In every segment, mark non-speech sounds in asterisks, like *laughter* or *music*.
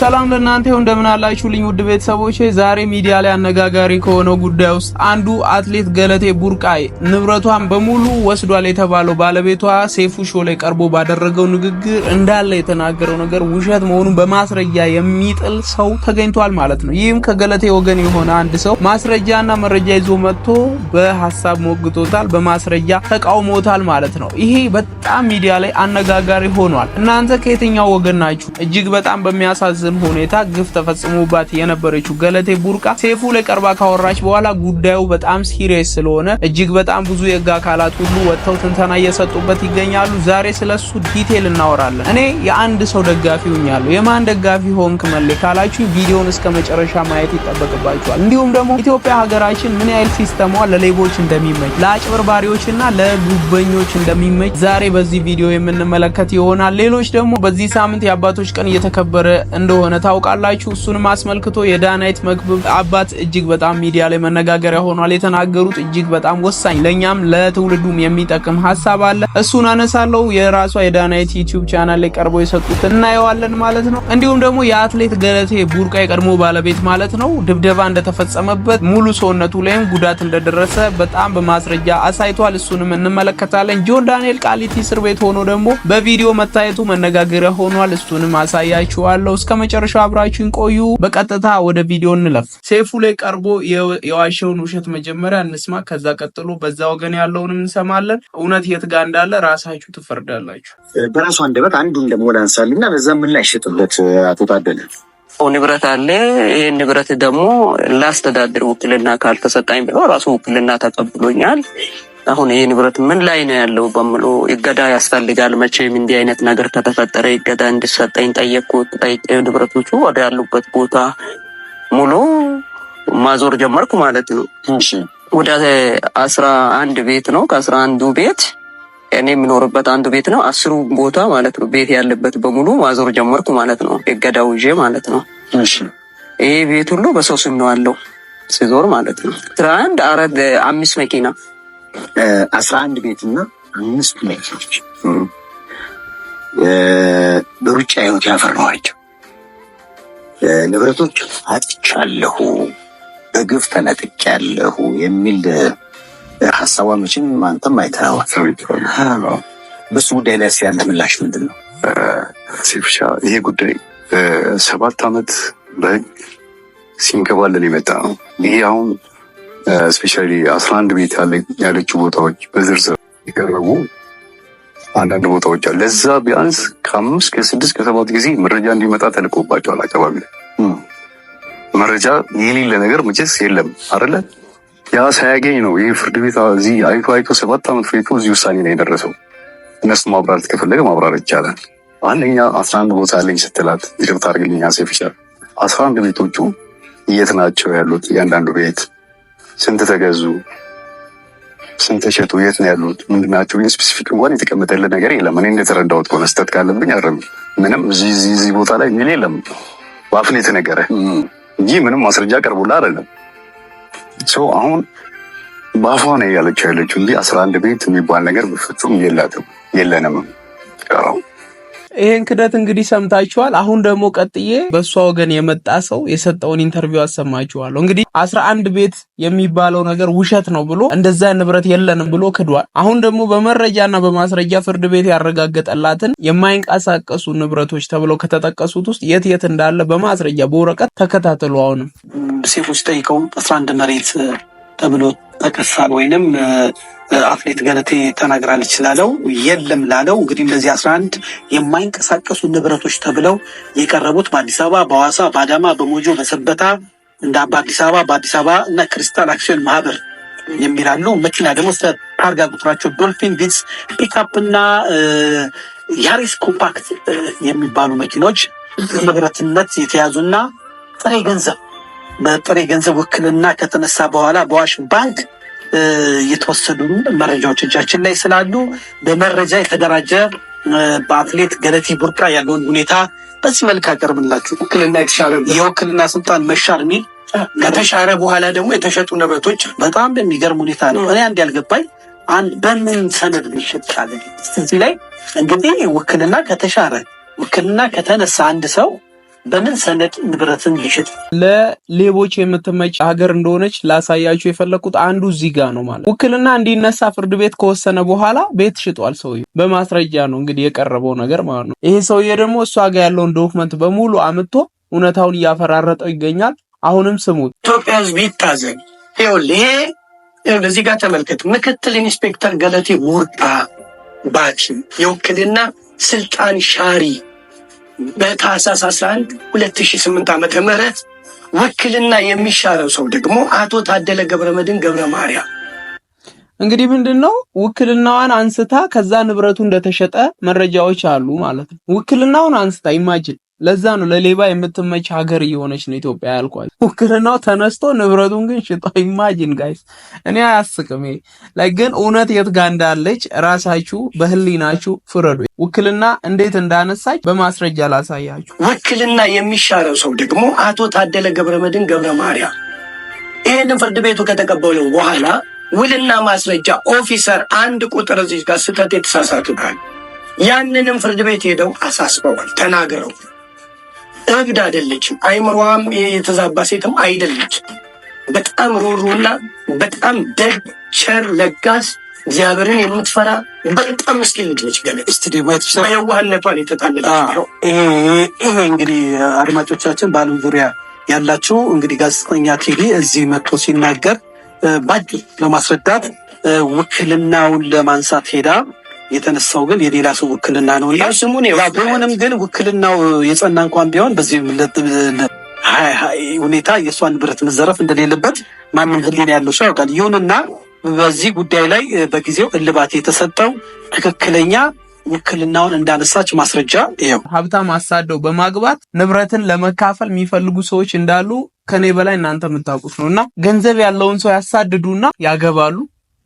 ሰላም ለእናንተ እንደምን አላችሁልኝ ውድ ቤተሰቦቼ። ዛሬ ሚዲያ ላይ አነጋጋሪ ከሆነው ጉዳይ ውስጥ አንዱ አትሌት ገለቴ ቡርቃይ ንብረቷን በሙሉ ወስዷል የተባለው ባለቤቷ ሴፉ ሾ ላይ ቀርቦ ባደረገው ንግግር እንዳለ የተናገረው ነገር ውሸት መሆኑን በማስረጃ የሚጥል ሰው ተገኝቷል ማለት ነው። ይህም ከገለቴ ወገን የሆነ አንድ ሰው ማስረጃና መረጃ ይዞ መጥቶ በሀሳብ ሞግቶታል፣ በማስረጃ ተቃውሞታል ማለት ነው። ይሄ በጣም ሚዲያ ላይ አነጋጋሪ ሆኗል። እናንተ ከየትኛው ወገን ናችሁ? እጅግ በጣም በሚያሳዝ በሚያሳዝን ሁኔታ ግፍ ተፈጽሞባት የነበረችው ገለቴ ቡርቃ ሴፉ ላይ ቀርባ ካወራች በኋላ ጉዳዩ በጣም ሲሪየስ ስለሆነ እጅግ በጣም ብዙ የህግ አካላት ሁሉ ወጥተው ትንተና እየሰጡበት ይገኛሉ። ዛሬ ስለሱ ዲቴል እናወራለን። እኔ የአንድ ሰው ደጋፊ ሆኛለሁ። የማን ደጋፊ ሆንክ መሌ ካላችሁ ቪዲዮን እስከ መጨረሻ ማየት ይጠበቅባችኋል። እንዲሁም ደግሞ ኢትዮጵያ ሀገራችን ምን ያህል ሲስተሟ ለሌቦች እንደሚመች ለአጭበርባሪዎችና ለጉበኞች እንደሚመች ዛሬ በዚህ ቪዲዮ የምንመለከት ይሆናል። ሌሎች ደግሞ በዚህ ሳምንት የአባቶች ቀን እየተከበረ እንደሆነ እንደሆነ ታውቃላችሁ። እሱንም አስመልክቶ የዳናይት መክብብ አባት እጅግ በጣም ሚዲያ ላይ መነጋገሪያ ሆኗል። የተናገሩት እጅግ በጣም ወሳኝ ለእኛም ለትውልዱም የሚጠቅም ሀሳብ አለ። እሱን አነሳለሁ። የራሷ የዳናይት ዩቲዩብ ቻናል ላይ ቀርበው የሰጡት እናየዋለን ማለት ነው። እንዲሁም ደግሞ የአትሌት ገለቴ ቡርቃ የቀድሞ ባለቤት ማለት ነው ድብደባ እንደተፈጸመበት ሙሉ ሰውነቱ ላይም ጉዳት እንደደረሰ በጣም በማስረጃ አሳይቷል። እሱንም እንመለከታለን። ጆን ዳንኤል ቃሊቲ እስር ቤት ሆኖ ደግሞ በቪዲዮ መታየቱ መነጋገሪያ ሆኗል። እሱንም አሳያችኋለሁ እስከ መጨረሻው አብራችሁን ቆዩ። በቀጥታ ወደ ቪዲዮ እንለፍ። ሴፉ ላይ ቀርቦ የዋሸውን ውሸት መጀመሪያ እንስማ። ከዛ ቀጥሎ በዛ ወገን ያለውን እንሰማለን። እውነት የት ጋር እንዳለ ራሳችሁ ትፈርዳላችሁ። በራሱ አንደበት አንዱን ደግሞ ላንሳል እና በዛ ምን ላይ አቶ ታደለ ንብረት አለ። ይህ ንብረት ደግሞ ላስተዳድር ውክልና ካልተሰጣኝ ብሎ ራሱ ውክልና ተቀብሎኛል። አሁን ይህ ንብረት ምን ላይ ነው ያለው በምሎ ይገዳ ያስፈልጋል። መቼም እንዲህ አይነት ነገር ከተፈጠረ ይገዳ እንድሰጠኝ ጠየቅኩት። ጠይቄ ንብረቶቹ ወደ ያሉበት ቦታ ሙሉ ማዞር ጀመርኩ ማለት ነው። ወደ አስራ አንድ ቤት ነው። ከአስራ አንዱ ቤት እኔ የምኖርበት አንዱ ቤት ነው። አስሩ ቦታ ማለት ነው ቤት ያለበት በሙሉ ማዞር ጀመርኩ ማለት ነው። እገዳው ይዤ ማለት ነው። ይሄ ቤት ሁሉ በሰው ስም ነው ያለው ሲዞር ማለት ነው። አስራ አንድ አራት አምስት መኪና አስራ አንድ ቤትና አምስት ቤቶች በሩጫ ህይወት ያፈራኋቸው ንብረቶች አጥቻለሁ፣ በግፍ ተነጥቄያለሁ የሚል ሀሳቧ መቼም አንተም አይተናዋል። በሱ ጉዳይ ላይ ያለ ምላሽ ምንድን ነው? ሴፍሻ ይሄ ጉዳይ ሰባት ዓመት በህግ ሲንከባለል የመጣ ነው። ይሄ አሁን ስፔሻሊ አስራ አንድ ቤት ያለችው ቦታዎች በዝርዝር የቀረቡ አንዳንድ ቦታዎች አሉ። ለዛ ቢያንስ ከአምስት ከስድስት ከሰባት ጊዜ መረጃ እንዲመጣ ተልቆባቸዋል። አካባቢ ላይ መረጃ የሌለ ነገር መቼስ የለም አይደለ? ያ ሳያገኝ ነው ይህ ፍርድ ቤት እዚህ አይቶ አይቶ ሰባት ዓመት ፍሬቶ እዚህ ውሳኔ ላይ የደረሰው። እነሱ ማብራር ከፈለገ ማብራር ይቻላል። አንደኛ አስራ አንድ ቦታ ያለኝ ስትላት ይቅርታ አድርግልኝ አሴፍ አስራ አንድ ቤቶቹ የት ናቸው ያሉት እያንዳንዱ ቤት ስንት ተገዙ፣ ስንት ተሸጡ፣ የት ነው ያሉት፣ ምንድናቸው? ስፔሲፊክ እንኳን የተቀመጠለ ነገር የለም። እኔ እንደተረዳሁት ከሆነ ስህተት ካለብኝ አረም ምንም እዚህ ቦታ ላይ የሚል የለም። በአፍን የተነገረ እንጂ ምንም ማስረጃ ቀርቦላ አይደለም። ሰው አሁን በአፏ ነው ያለችው ያለችው እንጂ አስራ አንድ ቤት የሚባል ነገር በፍጹም የላትም የለንም። ይሄን ክደት እንግዲህ ሰምታችኋል። አሁን ደግሞ ቀጥዬ በእሷ ወገን የመጣ ሰው የሰጠውን ኢንተርቪው አሰማችኋለሁ። እንግዲህ አስራ አንድ ቤት የሚባለው ነገር ውሸት ነው ብሎ እንደዛ ንብረት የለንም ብሎ ክዷል። አሁን ደግሞ በመረጃና በማስረጃ ፍርድ ቤት ያረጋገጠላትን የማይንቀሳቀሱ ንብረቶች ተብለው ከተጠቀሱት ውስጥ የት የት እንዳለ በማስረጃ በወረቀት ተከታተሉ። አሁንም ሴፎች ጠይቀው አስራ አንድ መሬት ተብሎ ተከሳል ወይንም አትሌት ገለቴ ተናግራለች ላለው የለም ላለው እንግዲህ እንደዚህ አስራ አንድ የማይንቀሳቀሱ ንብረቶች ተብለው የቀረቡት በአዲስ አበባ፣ በሐዋሳ፣ በአዳማ፣ በሞጆ፣ በሰበታ እንደ በአዲስ አበባ በአዲስ አበባ እና ክሪስታል አክሲዮን ማህበር የሚላሉ መኪና ደግሞ ስለ ታርጋ ቁጥራቸው ዶልፊን ቪትስ ፒክአፕ እና ያሪስ ኮምፓክት የሚባሉ መኪኖች ንብረትነት የተያዙና ጥሬ ገንዘብ በጥሬ ገንዘብ ውክልና ከተነሳ በኋላ በዋሽ ባንክ የተወሰዱ መረጃዎች እጃችን ላይ ስላሉ በመረጃ የተደራጀ በአትሌት ገለቴ ቡርቃ ያለውን ሁኔታ በዚህ መልክ አቀርብላችሁ። የውክልና ስልጣን መሻር ሚል ከተሻረ በኋላ ደግሞ የተሸጡ ንብረቶች በጣም በሚገርም ሁኔታ ነው። እኔ አንድ ያልገባኝ በምን ሰነድ ሊሸጥ ቻለ? እዚህ ላይ እንግዲህ ውክልና ከተሻረ ውክልና ከተነሳ አንድ ሰው በምን ሰነድ ንብረትን ሊሽጥ ለሌቦች የምትመች ሀገር እንደሆነች ላሳያችሁ የፈለግኩት አንዱ እዚህ ጋ ነው። ማለት ውክልና እንዲነሳ ፍርድ ቤት ከወሰነ በኋላ ቤት ሽጧል ሰውዬ። በማስረጃ ነው እንግዲህ የቀረበው ነገር ማለት ነው። ይሄ ሰውዬ ደግሞ እሷ ጋር ያለውን ዶክመንት በሙሉ አምጥቶ እውነታውን እያፈራረጠው ይገኛል። አሁንም ስሙት። ኢትዮጵያ ሕዝብ ይታዘን። ይሄ እዚህ ጋር ተመልከት። ምክትል ኢንስፔክተር ገለቴ ውርጣ ባች የውክልና ስልጣን ሻሪ በታህሳስ 11 2008 ዓመተ ምህረት ውክልና የሚሻረው ሰው ደግሞ አቶ ታደለ መድን ገብረ ማርያም እንግዲህ ምንድን ነው ውክልናዋን አንስታ ከዛ ንብረቱ እንደተሸጠ መረጃዎች አሉ ማለት ነው። ውክልናውን አንስታ ኢማጅን ለዛ ነው ለሌባ የምትመች ሀገር እየሆነች ነው ኢትዮጵያ ያልኳት። ውክልናው ተነስቶ ንብረቱን ግን ሽጦ ኢማጂን ጋይስ፣ እኔ አያስቅም። ላይ ግን እውነት የት ጋር እንዳለች ራሳችሁ በህሊናችሁ ፍረዱ። ውክልና እንዴት እንዳነሳች በማስረጃ ላሳያችሁ። ውክልና የሚሻረው ሰው ደግሞ አቶ ታደለ ገብረመድህን ገብረ ማርያም ይህንን ፍርድ ቤቱ ከተቀበለ በኋላ ውልና ማስረጃ ኦፊሰር አንድ ቁጥር እዚህ ጋር ስህተት የተሳሳቱታል። ያንንም ፍርድ ቤት ሄደው አሳስበዋል፣ ተናግረው እብድ አይደለችም። አይምሯም የተዛባ ሴትም አይደለችም። በጣም ሮሮና በጣም ደግ ቸር፣ ለጋስ እግዚአብሔርን የምትፈራ በጣም ምስኪን ልጅ ገለ የዋህነቷን የተጣለች ይሄ እንግዲህ አድማጮቻችን በአለም ዙሪያ ያላችሁ እንግዲህ ጋዜጠኛ ቲቪ እዚህ መጥቶ ሲናገር ባጭር ለማስረዳት ውክልናውን ለማንሳት ሄዳ የተነሳው ግን የሌላ ሰው ውክልና ነው እና ቢሆንም ግን ውክልናው የጸና እንኳን ቢሆን በዚህ ሁኔታ የእሷን ንብረት መዘረፍ እንደሌለበት ማንም ሕሊና ያለው ሰው ያውቃል። ይሁንና በዚህ ጉዳይ ላይ በጊዜው እልባት የተሰጠው ትክክለኛ ውክልናውን እንዳነሳች ማስረጃ ይኸው። ሀብታም አሳደው በማግባት ንብረትን ለመካፈል የሚፈልጉ ሰዎች እንዳሉ ከኔ በላይ እናንተ የምታውቁት ነው እና ገንዘብ ያለውን ሰው ያሳድዱና ያገባሉ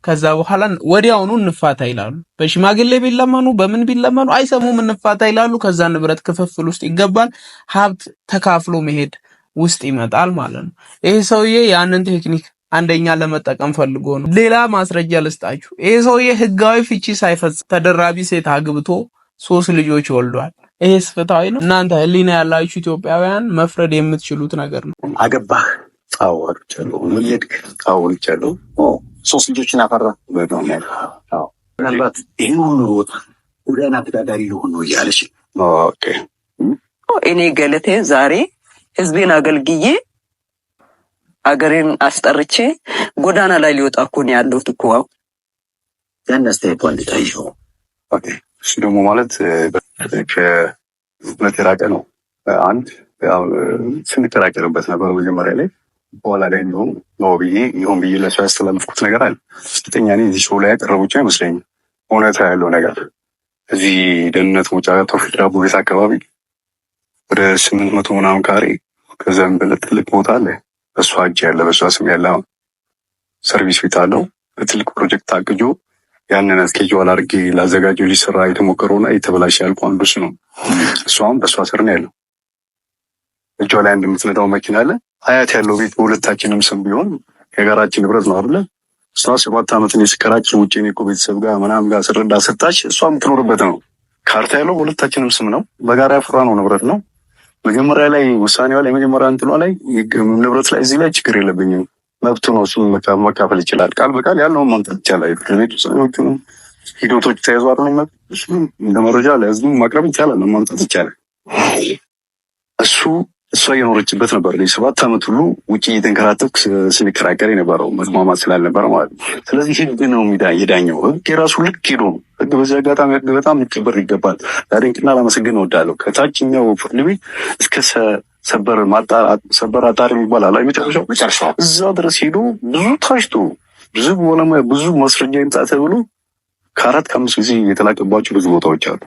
ከዛ በኋላ ወዲያውኑ እንፋታ ይላሉ። በሽማግሌ ቢለመኑ በምን ቢለመኑ አይሰሙም፣ እንፋታ ይላሉ። ከዛ ንብረት ክፍፍል ውስጥ ይገባል። ሀብት ተካፍሎ መሄድ ውስጥ ይመጣል ማለት ነው። ይሄ ሰውዬ ያንን ቴክኒክ አንደኛ ለመጠቀም ፈልጎ ነው። ሌላ ማስረጃ ልስጣችሁ። ይሄ ሰውዬ ህጋዊ ፍቺ ሳይፈጽም ተደራቢ ሴት አግብቶ ሶስት ልጆች ወልዷል። ይሄስ ፍትሃዊ ነው? እናንተ ህሊና ያላችሁ ኢትዮጵያውያን መፍረድ የምትችሉት ነገር ነው። አገባህ ጣወር ጨሎ ምን ሶስት ልጆችን አፈራ። ምናልባት ይህን ሁሉ ቦታ ጎዳና ተዳዳሪ ልሆን ነው እያለች እኔ ገለቴ ዛሬ ህዝቤን አገልግዬ አገሬን አስጠርቼ ጎዳና ላይ ሊወጣ እኮ ነው ያለሁት እኮ አሁን ያን አስተያየቷ እንድታየው እሱ ደግሞ ማለት ከእውነት የራቀ ነው። አንድ ስንከራከርበት ነበር መጀመሪያ ላይ በኋላ ላይ እንዲሁም ነው ብዬ ይሁን ብዬ ለሰው ያስተላልፍኩት ነገር አለ። እርግጠኛ እዚህ ሾው ላይ ያቀረቡቻ አይመስለኝም። እውነት ያለው ነገር እዚህ ደህንነት መውጫ ቶፊት ዳቦ ቤት አካባቢ ወደ ስምንት መቶ ምናምን ካሬ ከዛም በለ ትልቅ ቦታ አለ። በእሷ እጅ ያለ በእሷ ስም ያለ ሰርቪስ ቤት አለው። በትልቅ ፕሮጀክት ታቅጆ ያንን እስኬጅዋል አድርጌ ላዘጋጀው ሊሰራ የተሞከረውና የተበላሸ ያልቁ አንዱ እሱ ነው። እሷም በእሷ ስር ነው ያለው። እጇ ላይ አንድ የምትነዳው መኪና አለ። አያት ያለው ቤት በሁለታችንም ስም ቢሆን የጋራችን ንብረት ነው አይደለ? እሷ ሰባት ዓመትን የስከራችን ውጭ ኔ ቤተሰብ ጋር ምናምን ጋር ስረዳ ስታች እሷ የምትኖርበት ነው። ካርታ ያለው በሁለታችንም ስም ነው። በጋራ ያፈራ ነው ንብረት ነው። መጀመሪያ ላይ ውሳኔዋ ላይ መጀመሪያ እንትኗ ላይ ንብረት ላይ እዚህ ላይ ችግር የለብኝም መብቱ ነው። እሱ መካፈል ይችላል። ቃል በቃል ያለውን ማምጣት ይቻላል። ቤት ውሳኔዎቹ ሂደቶች ተያዙ አለ እንደ መረጃ ለህዝቡ ማቅረብ ይቻላል፣ ማምጣት ይቻላል። እሱ እሷ እየኖረችበት ነበር። ሰባት ዓመት ሁሉ ውጭ እየተንከራተትኩ ስንከራከር የነበረው መስማማት ስላልነበረ ማለት ነው። ስለዚህ ህግ ነው የዳኘው። ህግ የራሱ ልክ ሄዶ ነው። ህግ በዚህ አጋጣሚ ህግ በጣም ሊከበር ይገባል። ላደንቅና ላመሰግን እወዳለሁ። ከታችኛው ፍርድ ቤት እስከ ሰበር ሰበር አጣሪ የሚባል አላ መጨረሻው እዛ ድረስ ሄዶ ብዙ ታሽቶ ብዙ ባለሙያ ብዙ ማስረጃ ይምጣ ተብሎ ከአራት ከአምስት ጊዜ የተላቀባቸው ብዙ ቦታዎች አሉ።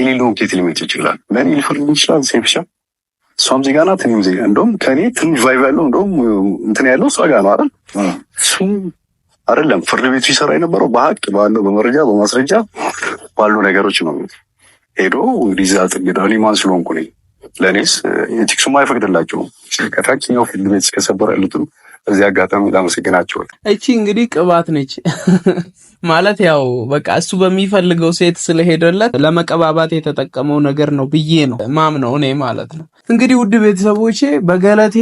የሌለውን ኬት ሊመጭ ይችላል ለእኔ ሊፈርድ ይችላል ሴፍሻ እሷም ዜጋ ናት፣ እኔም ዜጋ እንደውም ከእኔ ትንሽ ቫይቭ ያለው እንደውም እንትን ያለው እሷ ጋር ነው አይደል? እሱም አይደለም ፍርድ ቤቱ ይሰራ የነበረው በሀቅ ባለው በመረጃ በማስረጃ ባሉ ነገሮች ነው። ሄዶ እንግዲህ እዛ ጥግዳ እኔ ማን ስለሆንኩ ነኝ ለእኔስ ኤቲክሱም አይፈቅድላቸውም። ከታችኛው ፍርድ ቤት እስከሰበር ያሉትም እዚህ አጋጣሚ ላመሰግናቸዋል። እቺ እንግዲህ ቅባት ነች። ማለት ያው በቃ እሱ በሚፈልገው ሴት ስለሄደለት ለመቀባባት የተጠቀመው ነገር ነው ብዬ ነው ማም ነው እኔ ማለት ነው። እንግዲህ ውድ ቤተሰቦቼ በገለቴ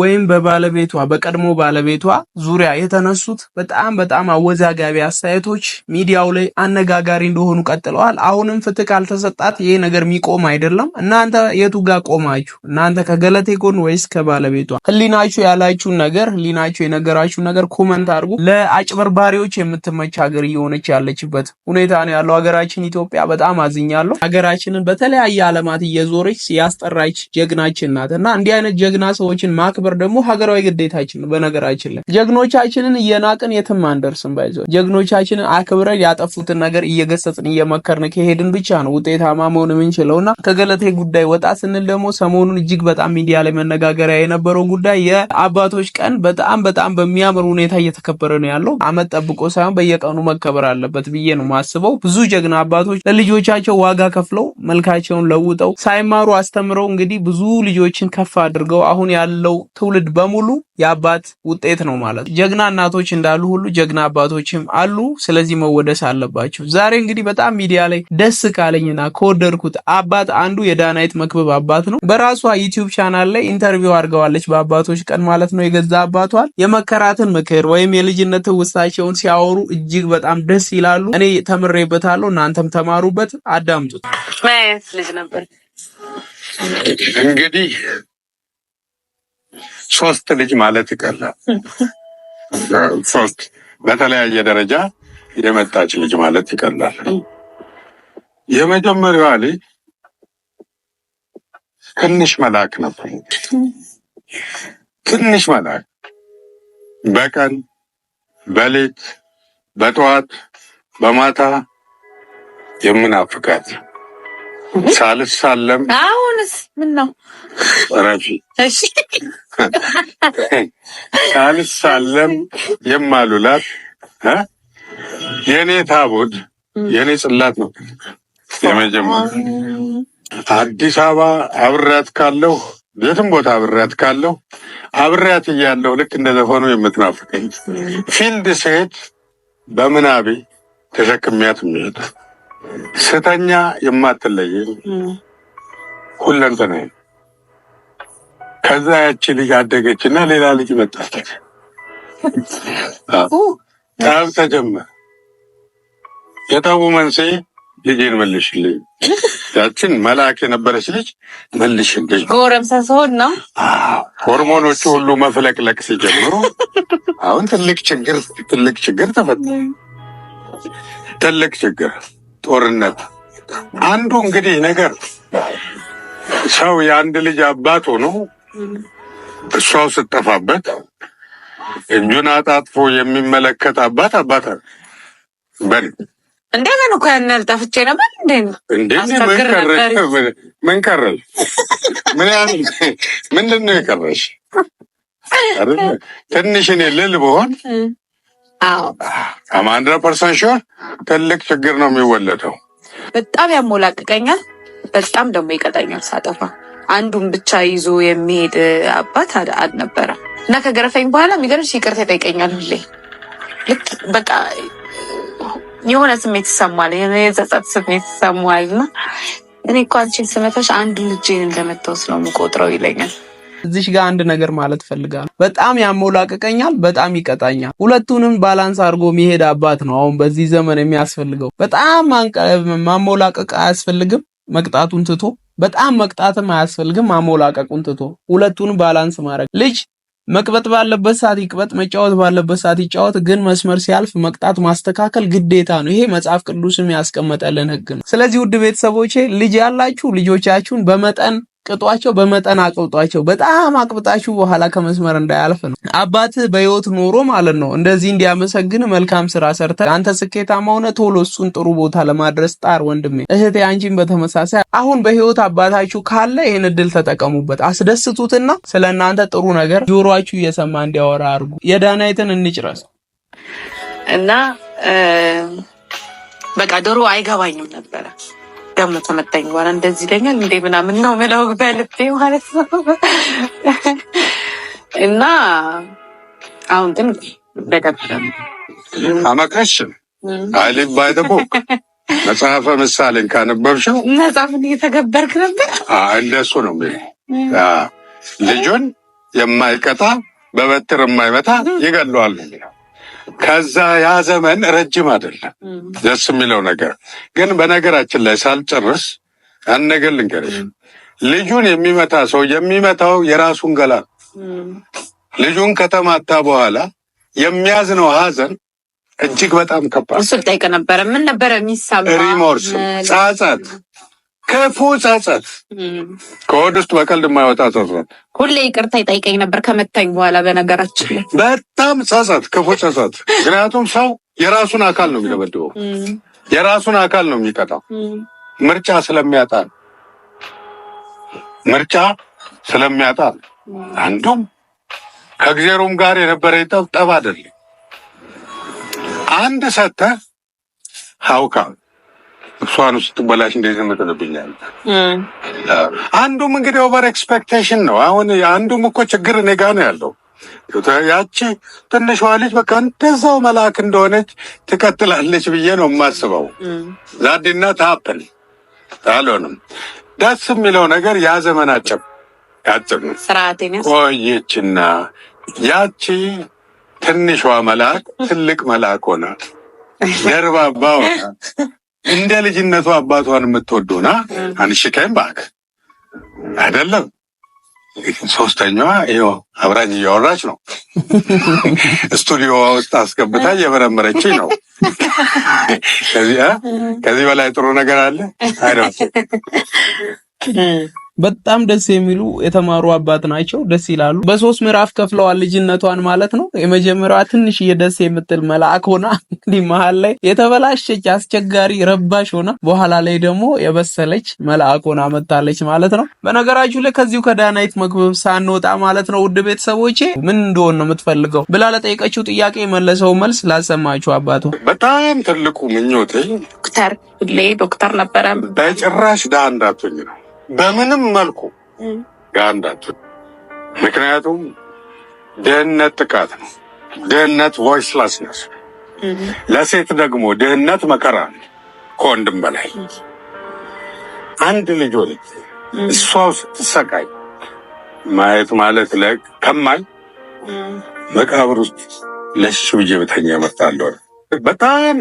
ወይም በባለቤቷ በቀድሞ ባለቤቷ ዙሪያ የተነሱት በጣም በጣም አወዛጋቢ አስተያየቶች ሚዲያው ላይ አነጋጋሪ እንደሆኑ ቀጥለዋል። አሁንም ፍትህ ካልተሰጣት ይሄ ነገር የሚቆም አይደለም። እናንተ የቱ ጋር ቆማችሁ? እናንተ ከገለቴ ጎን ወይስ ከባለቤቷ? ህሊናችሁ ያላችሁን ነገር ህሊናችሁ የነገራችሁ ነገር ኮመንት አድርጉ። ለአጭበርባሪዎች የምትመች ሀገር ችግር እየሆነች ያለችበት ሁኔታ ነው ያለው። ሀገራችን ኢትዮጵያ በጣም አዝኛለሁ። ሀገራችንን በተለያየ ዓለማት እየዞረች ያስጠራች ጀግናችን ናት እና እንዲህ አይነት ጀግና ሰዎችን ማክበር ደግሞ ሀገራዊ ግዴታችን ነው። በነገራችን ላይ ጀግኖቻችንን እየናቅን የትም አንደርስም። ባይዞ ጀግኖቻችንን አክብረን ያጠፉትን ነገር እየገሰጽን እየመከርን ከሄድን ብቻ ነው ውጤታማ መሆን እና ከገለቴ ጉዳይ ወጣ ስንል ደግሞ ሰሞኑን እጅግ በጣም ሚዲያ ላይ መነጋገሪያ የነበረው ጉዳይ የአባቶች ቀን በጣም በጣም በሚያምር ሁኔታ እየተከበረ ነው ያለው። አመት ጠብቆ ሳይሆን በየቀኑ መከበር አለበት ብዬ ነው ማስበው። ብዙ ጀግና አባቶች ለልጆቻቸው ዋጋ ከፍለው መልካቸውን ለውጠው ሳይማሩ አስተምረው እንግዲህ ብዙ ልጆችን ከፍ አድርገው አሁን ያለው ትውልድ በሙሉ የአባት ውጤት ነው ማለት ነው። ጀግና እናቶች እንዳሉ ሁሉ ጀግና አባቶችም አሉ። ስለዚህ መወደስ አለባቸው። ዛሬ እንግዲህ በጣም ሚዲያ ላይ ደስ ካለኝና ከወደድኩት አባት አንዱ የዳናይት መክበብ አባት ነው። በራሷ ዩቲዩብ ቻናል ላይ ኢንተርቪው አድርገዋለች። በአባቶች ቀን ማለት ነው። የገዛ አባቷን የመከራትን ምክር ወይም የልጅነት ትውስታቸውን ሲያወሩ እጅግ በጣም ደስ ይላሉ። እኔ ተምሬበታለሁ። እናንተም ተማሩበት፣ አዳምጡት። ልጅ ነበር እንግዲህ ሶስት ልጅ ማለት ይቀላል። *laughs* ሶስት በተለያየ ደረጃ የመጣች ልጅ ማለት ይቀላል። የመጀመሪያዋ ልጅ ትንሽ መልአክ ነበር። ትንሽ መልአክ በቀን በሌት በጠዋት በማታ የምናፍቃት ሳልስ ሳለም አሁንስ ምን ነው ራጂ ሳለም የማሉላት የኔ ታቦት የኔ ጽላት ነው። የመጀመሪያ አዲስ አበባ አብሬያት ካለሁ የትም ቦታ አብሬያት ካለሁ አብሬያት እያለሁ ልክ እንደ ዘፈኑ የምትናፍቀኝ ፊልድ ሴት በምናቤ ተሸክሚያት የሚሄድ ስተኛ የማትለይ ሁለንተ ነኝ። ከዛ ያቺ ልጅ አደገች እና ሌላ ልጅ መጣች። ጠብ ተጀመረ። የጠቡ መንስኤ ልጅን መልሽልኝ፣ ያችን መልአክ የነበረች ልጅ መልሽልኝ። ጎረምሳ ሲሆን ነው ሆርሞኖቹ ሁሉ መፍለቅለቅ ሲጀምሩ፣ አሁን ትልቅ ችግር ትልቅ ችግር ተፈጠረ። ትልቅ ችግር ጦርነት አንዱ እንግዲህ ነገር ሰው የአንድ ልጅ አባት ሆኖ እሷው ስጠፋበት እጁን አጣጥፎ የሚመለከት አባት አባት በል እንደምን እኮ ያን ያልጠፍቼ ነበር እንዴ ምን ቀረሽ? ምን ያህል ምንድን ነው የቀረሽ? *laughs* ትንሽ እኔ ልል በሆን አዎ ከማንድረ ፐርሰንት ሲሆን ትልቅ ችግር ነው የሚወለደው። በጣም ያሞላቅቀኛል፣ በጣም ደግሞ ይቀጣኛል ሳጠፋ። አንዱን ብቻ ይዞ የሚሄድ አባት አልነበረም እና ከገረፈኝ በኋላ የሚገርምሽ ይቅርታ ይጠይቀኛል ሁሌ። ልክ በቃ የሆነ ስሜት ይሰማል፣ የጸጸት ስሜት ይሰማል እና እኔ እኮ አንቺን ስመታሽ አንድ ልጄን ነው ስለምቆጥረው ይለኛል። እዚሽ ጋር አንድ ነገር ማለት ፈልጋለሁ። በጣም ያሞላቅቀኛል፣ በጣም ይቀጣኛል። ሁለቱንም ባላንስ አድርጎ መሄድ አባት ነው አሁን በዚህ ዘመን የሚያስፈልገው። በጣም ማሞላቀቅ አያስፈልግም፣ መቅጣቱን ትቶ በጣም መቅጣትም አያስፈልግም፣ ማሞላቀቁን ትቶ ሁለቱንም ባላንስ ማድረግ ልጅ መቅበጥ ባለበት ሰዓት ይቅበጥ፣ መጫወት ባለበት ሰዓት ይጫወት። ግን መስመር ሲያልፍ መቅጣት ማስተካከል ግዴታ ነው። ይሄ መጽሐፍ ቅዱስም ያስቀመጠልን ሕግ ነው። ስለዚህ ውድ ቤተሰቦቼ ልጅ ያላችሁ ልጆቻችሁን በመጠን ቅጧቸው በመጠን አቅብጧቸው በጣም አቅብጣችሁ በኋላ ከመስመር እንዳያልፍ ነው። አባትህ በህይወት ኖሮ ማለት ነው እንደዚህ እንዲያመሰግን መልካም ስራ ሰርተ አንተ ስኬታማ ሆነ ቶሎ እሱን ጥሩ ቦታ ለማድረስ ጣር ወንድሜ። እህቴ አንቺን በተመሳሳይ አሁን በህይወት አባታችሁ ካለ ይህን እድል ተጠቀሙበት፣ አስደስቱትና ስለ እናንተ ጥሩ ነገር ጆሮችሁ እየሰማ እንዲያወራ አድርጉ። የዳናይትን እንጭረስ እና በቃ ዶሮ አይገባኝም ነበረ ነው ተመታኝ በኋላ እንደዚህ ይለኛል እንዴ ምናምን ነው ምለው በልቤ ማለት ነው። እና አሁን ግን በደብረ አመካሽ አይሊቭ ባይ ዘ ቡክ መጽሐፈ ምሳሌን ካነበብሽው መጽሐፍን እየተገበርክ ነበር። እንደሱ ነው ልጁን የማይቀጣ በበትር የማይመታ ይገለዋል። ከዛ ያ ዘመን ረጅም አይደለም። ደስ የሚለው ነገር ግን በነገራችን ላይ ሳልጨርስ አንድ ነገር ልንገርሽ። ልጁን የሚመታ ሰው የሚመታው የራሱን ገላ ልጁን ከተማታ በኋላ የሚያዝነው ሀዘን እጅግ በጣም ከባድ። እሱ ልጠይቅ ነበረ ምን ነበረ የሚሰማ ሪሞርስ፣ ጻጻት ክፉ ጸጸት ከወድ ውስጥ በቀልድ የማይወጣ ጸጸት። ሁሌ ይቅርታ ይጠይቀኝ ነበር ከመታኝ በኋላ። በነገራችን ላይ በጣም ጸጸት፣ ክፉ ጸጸት። ምክንያቱም ሰው የራሱን አካል ነው የሚደበድበው፣ የራሱን አካል ነው የሚቀጣው። ምርጫ ስለሚያጣ ምርጫ ስለሚያጣ አንዱም ከእግዜሩም ጋር የነበረ ጠብ ጠብ አይደለም አንድ ሰተ ሀውካ እሷን ስትበላሽ እንደዚህ የምትልብኛል። አንዱም እንግዲህ ኦቨር ኤክስፔክቴሽን ነው። አሁን አንዱም እኮ ችግር እኔ ጋ ነው ያለው። ያቺ ትንሿ ልጅ በቃ እንደዛው መልአክ እንደሆነች ትቀጥላለች ብዬ ነው የማስበው። ዛዲና ታፕል አልሆንም። ደስ የሚለው ነገር ያ ዘመን አጭር አጭር ነው። ቆየችና ያቺ ትንሿ መልአክ ትልቅ መልአክ ሆና *laughs* ደርባባ ሆና እንደ ልጅነቱ አባቷን የምትወደውና አንሽከኝ ባክ አይደለም። ሶስተኛዋ ይኸው አብራኝ እያወራች ነው። ስቱዲዮዋ ውስጥ አስገብታ እየመረመረችኝ ነው። ከዚህ በላይ ጥሩ ነገር አለ አይደለም። በጣም ደስ የሚሉ የተማሩ አባት ናቸው። ደስ ይላሉ። በሶስት ምዕራፍ ከፍለዋል ልጅነቷን ማለት ነው። የመጀመሪያዋ ትንሽዬ ደስ የምትል መልአክ ሆና እንግዲህ መሀል ላይ የተበላሸች አስቸጋሪ ረባሽ ሆና በኋላ ላይ ደግሞ የበሰለች መልአክ ሆና መታለች ማለት ነው። በነገራችሁ ላይ ከዚሁ ከዳናይት መክብብ ሳንወጣ ማለት ነው ውድ ቤተሰቦቼ ምን እንደሆን ነው የምትፈልገው ብላ ለጠየቀችው ጥያቄ የመለሰው መልስ ላሰማችሁ አባቱ። በጣም ትልቁ ምኞቴ ዶክተር ሁሌ ዶክተር ነበረ። በጭራሽ ዳ እንዳትሆኝ ነው በምንም መልኩ ጋር ምክንያቱም ድህነት ጥቃት ነው። ድህነት ቮይስለስነስ፣ ለሴት ደግሞ ድህነት መከራ ከወንድም በላይ። አንድ ልጅ ወልጅ እሷው ስትሰቃይ ማየት ማለት ከማኝ መቃብር ውስጥ ለሽ ብዬ ብተኛ እመርጣለሁ በጣም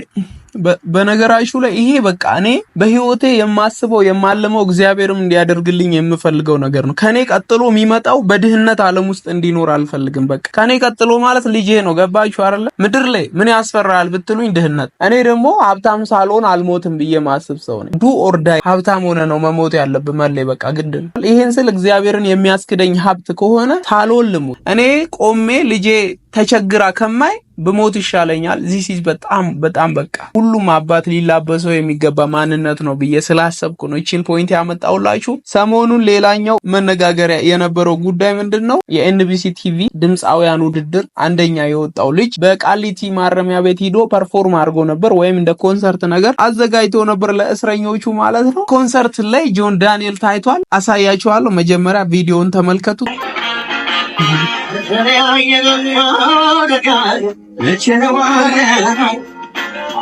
በነገራችሁ ላይ ይሄ በቃ እኔ በህይወቴ የማስበው የማልመው እግዚአብሔርም እንዲያደርግልኝ የምፈልገው ነገር ነው። ከኔ ቀጥሎ የሚመጣው በድህነት ዓለም ውስጥ እንዲኖር አልፈልግም። በቃ ከኔ ቀጥሎ ማለት ልጄ ነው። ገባችሁ አይደለ? ምድር ላይ ምን ያስፈራል ብትሉኝ ድህነት። እኔ ደግሞ ሀብታም ሳልሆን አልሞትም ብዬ ማስብ ሰው ነኝ። ዱ ኦርዳይ ሀብታም ሆነ ነው መሞት ያለብህ። መለይ በቃ ግድ ነው። ይህን ስል እግዚአብሔርን የሚያስክደኝ ሀብት ከሆነ ሳልሆን ልሙት። እኔ ቆሜ ልጄ ተቸግራ ከማይ ብሞት ይሻለኛል። ዚስ በጣም በጣም በቃ ሁሉም አባት ሊላበሰው የሚገባ ማንነት ነው ብዬ ስላሰብኩ ነው ይችን ፖይንት ያመጣውላችሁ። ሰሞኑን ሌላኛው መነጋገሪያ የነበረው ጉዳይ ምንድን ነው? የኤንቢሲ ቲቪ ድምፃውያን ውድድር አንደኛ የወጣው ልጅ በቃሊቲ ማረሚያ ቤት ሂዶ ፐርፎርም አድርጎ ነበር፣ ወይም እንደ ኮንሰርት ነገር አዘጋጅቶ ነበር ለእስረኞቹ ማለት ነው። ኮንሰርት ላይ ጆን ዳንኤል ታይቷል። አሳያችኋለሁ። መጀመሪያ ቪዲዮውን ተመልከቱ።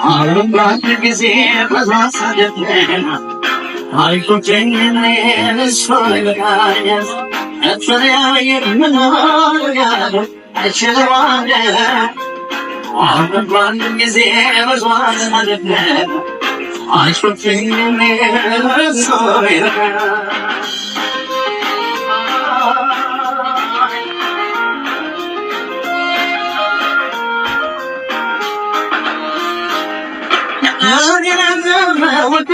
አረንጓዴ ጊዜ በዛሳ ደመና ታሪኮቼን እሱ ይበቃኛል። እተለያየ ምኖር ጊዜ በዛሳ ደመና ታሪኮቼን አንቺ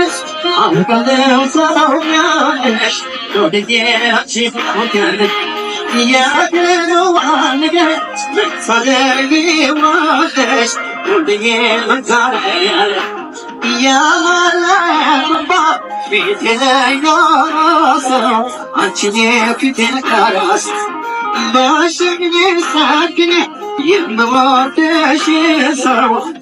ፊቴ ካራስ ባሽግኔ ሳግኔ የምወደሽ አሁን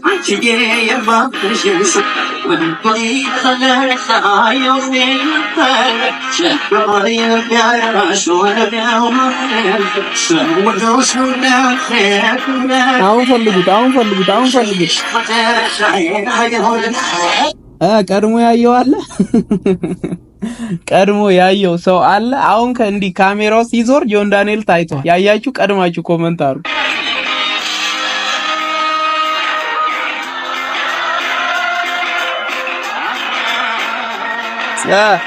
ፈልጉት፣ አሁን ፈልጉት፣ አሁን ፈልጉት። ቀድሞ ያየው አለ፣ ቀድሞ ያየው ሰው አለ። አሁን ከእንዲህ ካሜራው ሲዞር ጆን ዳንኤል ታይቷል። ያያችሁ ቀድማችሁ ኮመንት አድርጉ። Yeah.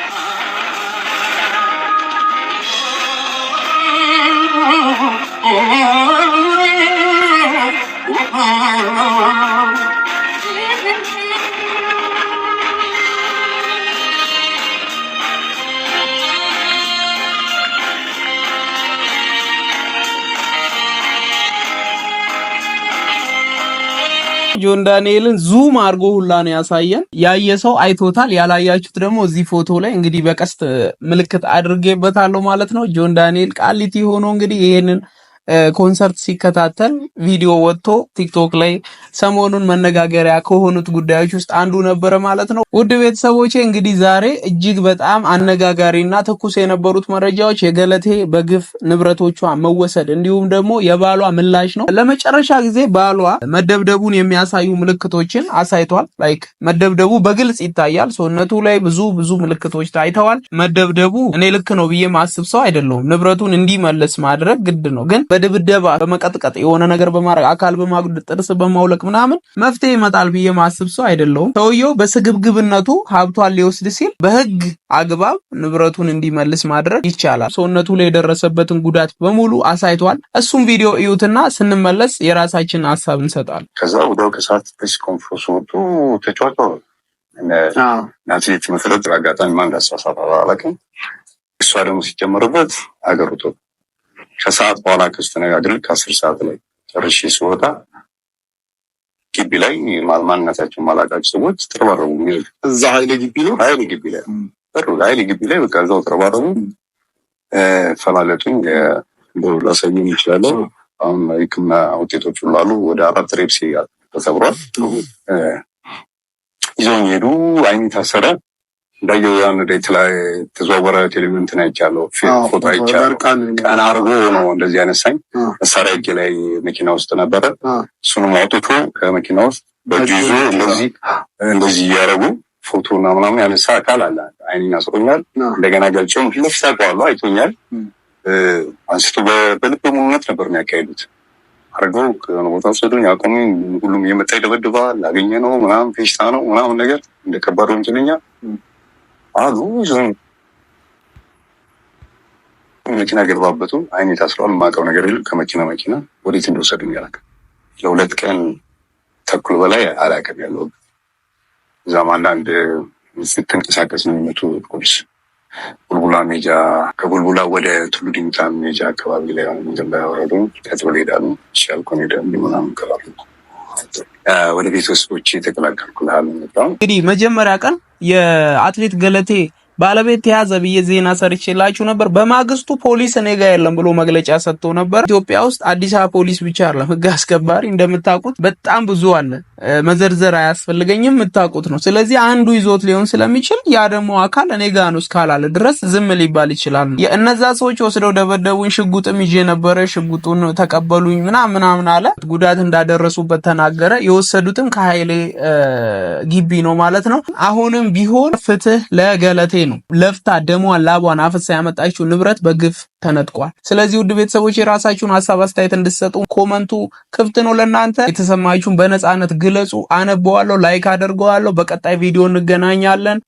Oh, ጆን ዳንኤልን ዙም አድርጎ ሁላ ነው ያሳየን። ያየ ሰው አይቶታል። ያላያችሁት ደግሞ እዚህ ፎቶ ላይ እንግዲህ በቀስት ምልክት አድርጌበታለሁ ማለት ነው። ጆን ዳንኤል ቃሊቲ ሆኖ እንግዲህ ይሄንን ኮንሰርት ሲከታተል ቪዲዮ ወጥቶ ቲክቶክ ላይ ሰሞኑን መነጋገሪያ ከሆኑት ጉዳዮች ውስጥ አንዱ ነበረ ማለት ነው። ውድ ቤተሰቦቼ እንግዲህ ዛሬ እጅግ በጣም እና ትኩስ የነበሩት መረጃዎች የገለቴ በግፍ ንብረቶቿ መወሰድ እንዲሁም ደግሞ የባሏ ምላሽ ነው። ለመጨረሻ ጊዜ ባሏ መደብደቡን የሚያሳዩ ምልክቶችን አሳይቷል። ላይክ መደብደቡ በግልጽ ይታያል። ሰውነቱ ላይ ብዙ ብዙ ምልክቶች ታይተዋል። መደብደቡ እኔ ልክ ነው ብዬ ማስብ ሰው አይደለሁም። ንብረቱን እንዲመለስ ማድረግ ግድ ነው ግን በድብደባ በመቀጥቀጥ የሆነ ነገር በማድረግ አካል በማጉደት ጥርስ በማውለቅ ምናምን መፍትሄ ይመጣል ብዬ ማስብ ሰው አይደለውም። ሰውየው በስግብግብነቱ ሀብቷን ሊወስድ ሲል በህግ አግባብ ንብረቱን እንዲመልስ ማድረግ ይቻላል። ሰውነቱ ላይ የደረሰበትን ጉዳት በሙሉ አሳይቷል። እሱም ቪዲዮ እዩትና ስንመለስ የራሳችንን ሀሳብ እንሰጣለን። ከዛ ወዲያው ከሰዓት ኮንፈረንስ ወጡ ተጫዋቸዋል። ናዚ ትምህርት አጋጣሚ ማን እንዳሳሳት እሷ ደግሞ ሲጀመርበት አገር ወጥቶ ከሰዓት በኋላ ከሱ ተነጋግረን ከአስር ሰዓት ላይ ጨርሼ ስወጣ ግቢ ላይ ማንነታቸው ማላቃቸው ሰዎች ተረባረቡ። እዛ ሀይሌ ግቢ ነው ሀይሌ ግቢ ላይ ጥሩ ሀይሌ ግቢ ላይ በቃ እዛው ተረባረቡ። ፈላለጡኝ ላሳየ ይችላለው። አሁን ሕክምና ውጤቶች ሁሉ አሉ። ወደ አራት ሬፕሴ ተሰብሯል። ይዞኝ ሄዱ። አይኔ ታሰረ። እንዳየው ያን ዴት ላይ ተዘዋወረ ቴሌቪዥን እንትን አይቻለሁ፣ ፎቶ አይቻለሁ። ቀን አርጎ ነው እንደዚህ ያነሳኝ። መሳሪያ እጅ ላይ መኪና ውስጥ ነበረ። እሱንም አውጥቶ ከመኪና ውስጥ በእጁ ይዞ እንደዚህ እንደዚህ እያደረጉ ፎቶ እና ምናምን ያነሳ አካል አለ። አይኔን አስሮኛል። እንደገና ገልጬው ፊት ለፊት አውቀዋለሁ፣ አይቶኛል። አንስቶ በልበ ሙሉነት ነበር የሚያካሄዱት። አድርገው ከሆነ ቦታ ወሰዱኝ፣ አቆሙኝ። ሁሉም እየመጣ ይደበድባል፣ አገኘ ነው ምናምን ፌሽታ ነው ምናምን ነገር እንደ ከባድ ወንጀለኛ አሁን መኪና ገባበቱ አይኔ ታስሯል። የማውቀው ነገር የለም። ከመኪና መኪና ወዴት እንደወሰዱ አላውቅም። ለሁለት ቀን ተኩል በላይ አላውቅም ያለው እዛም አንዳንድ ስትንቀሳቀስ ነው የሚመቱ ቁልስ ቡልቡላ ሜጃ ከቡልቡላ ወደ ቱሉ ዲምታ ሜጃ አካባቢ ላይ ሆነ ሚጀምበያ ያወረዱ ከትበል ሄዳሉ ሻልኮን ሄደ ምናምን ከባሉ ወደ ውስጥ ውጭ ላሉ እንግዲህ መጀመሪያ ቀን የአትሌት ገለቴ ባለቤት ተያዘ ብዬ ዜና ሰርቼላችሁ ነበር። በማግስቱ ፖሊስ እኔ ጋ የለም ብሎ መግለጫ ሰጥቶ ነበር። ኢትዮጵያ ውስጥ አዲስ አበባ ፖሊስ ብቻ አይደለም ህግ አስከባሪ፣ እንደምታውቁት በጣም ብዙ አለ። መዘርዘር አያስፈልገኝም፣ የምታውቁት ነው። ስለዚህ አንዱ ይዞት ሊሆን ስለሚችል ያ ደግሞ አካል እኔ ጋር ነው እስካላለ ድረስ ዝም ሊባል ይችላል። እነዛ ሰዎች ወስደው ደበደቡኝ፣ ሽጉጥም ይዤ ነበረ፣ ሽጉጡን ተቀበሉኝ ምናምን ምናምን አለ። ጉዳት እንዳደረሱበት ተናገረ። የወሰዱትም ከሀይሌ ግቢ ነው ማለት ነው። አሁንም ቢሆን ፍትህ ለገለቴ ነው። ለፍታ ደሟን፣ ላቧን አፍሳ ያመጣችው ንብረት በግፍ ተነጥቋል። ስለዚህ ውድ ቤተሰቦች የራሳችሁን ሀሳብ አስተያየት እንድትሰጡ ኮመንቱ ክፍት ነው ለእናንተ። የተሰማችሁን በነፃነት ግለጹ። አነበዋለሁ፣ ላይክ አደርገዋለሁ። በቀጣይ ቪዲዮ እንገናኛለን።